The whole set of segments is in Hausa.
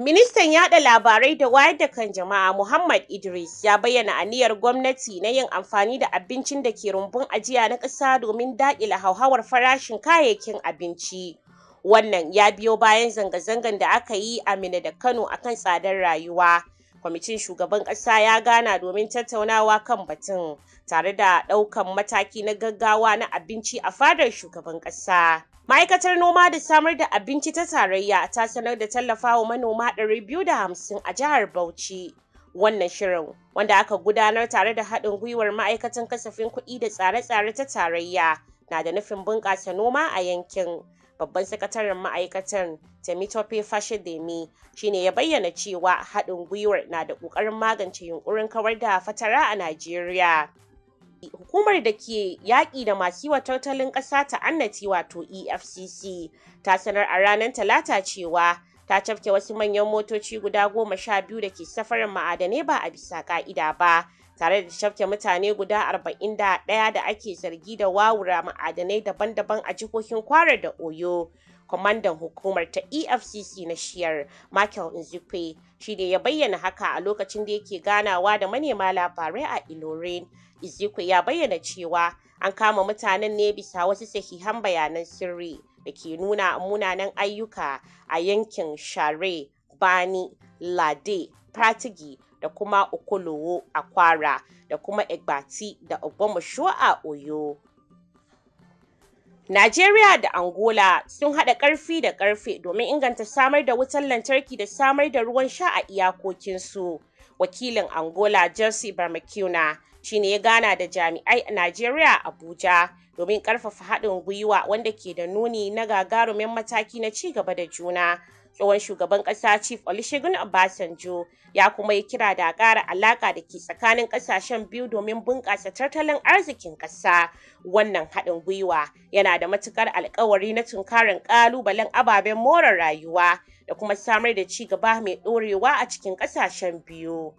Ministan Yaɗa labarai da wayar da kan jama'a Muhammad Idris ya bayyana aniyar gwamnati na yin amfani da abincin da ke rumbun ajiya na ƙasa domin daƙile hauhawar farashin kayayyakin abinci. Wannan ya biyo bayan zanga-zangar da aka yi a Mine da Kano akan tsadar rayuwa kwamitin shugaban ƙasa ya gana domin tattaunawa kan batun tare da ɗaukan mataki na gaggawa na abinci a fadar shugaban ƙasa. Ma'aikatar noma da samar da abinci ta tarayya ta sanar da tallafawa manoma 250 a jihar Bauchi. Wannan shirin wanda aka gudanar tare da haɗin gwiwar ma'aikatan kasafin kuɗi da tsare-tsare ta tarayya na da nufin bunƙasa noma a yankin. babban sakataren ma'aikatar temitope shi shine ya bayyana cewa haɗin gwiwar na da ƙoƙarin magance yunƙurin kawar da fatara a najeriya hukumar da ke yaƙi da masu yiwa tattalin ƙasa ta annati wato efcc ta sanar a ranar talata cewa ta cafke wasu manyan motoci guda goma sha biyu da ke safarin ma'adanai ba a bisa ka'ida ba tare da cafke mutane guda arba'in da ɗaya da ake zargi da wawura ma'adanai daban-daban a jihohin kwara da oyo kwamandan hukumar ta efcc na shiyar michael nzikwe shi ne ya bayyana haka a lokacin da yake ganawa da manema labarai a ilorin izikwe ya bayyana cewa an kama mutanen ne bisa wasu sahihan bayanan sirri da ke nuna munanan ayyuka a yankin Share, Bani Lade, Patigi da kuma Okolowo a Kwara da kuma Egbati da Ogbomoso a Oyo. Najeriya da Angola sun haɗa ƙarfi da ƙarfe domin inganta samar da wutar lantarki da samar da ruwan sha a iyakokinsu. Wakilin Angola Jesse barmakuna shine ya gana da jami'ai a Najeriya Abuja domin karfafa haɗin gwiwa wanda ke da nuni na gagarumin mataki na ci gaba da juna. Tsohon shugaban ƙasa Chief Olusegun Obasanjo ya kuma yi kira da ƙara alaƙa da ke tsakanin ƙasashen biyu domin bunƙasa tattalin arzikin ƙasa. Wannan haɗin gwiwa yana da matuƙar alƙawari na tunkarin ƙalubalen ababen more rayuwa da kuma samar da ci gaba mai ɗorewa a cikin ƙasashen biyu.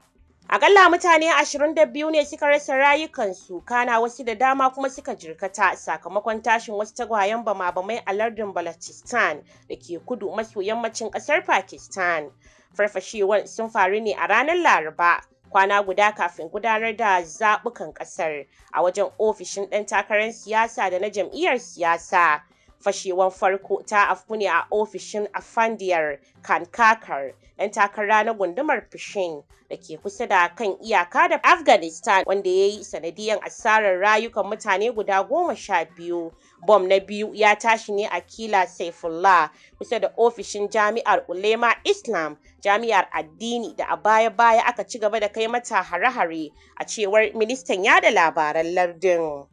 Akalla mutane 22 ne suka rasa rayukansu, kana wasu da dama kuma suka jirkata sakamakon tashin wasu tagwayen bama-bamai a lardin Balochistan da ke kudu maso yammacin ƙasar Pakistan. Farfashewar sun faru ne a ranar Laraba. kwana guda kafin gudanar da zaɓukan ƙasar a wajen ofishin ɗan takarar siyasa da na jam'iyyar siyasa Fashewar farko ta afku ne a ofishin Afandiyar Kankakar, dan takara na gundumar fishin da ke kusa da kan iyaka da Afghanistan wanda ya yi sanadiyar asarar rayukan mutane guda goma sha biyu. Bom na biyu ya tashi ne a Kila Saifullah kusa da ofishin Jami'ar Ulema Islam, Jami'ar Addini da a baya-baya aka ci gaba da kai mata hare-hare a cewar ministan yada labaran lardin.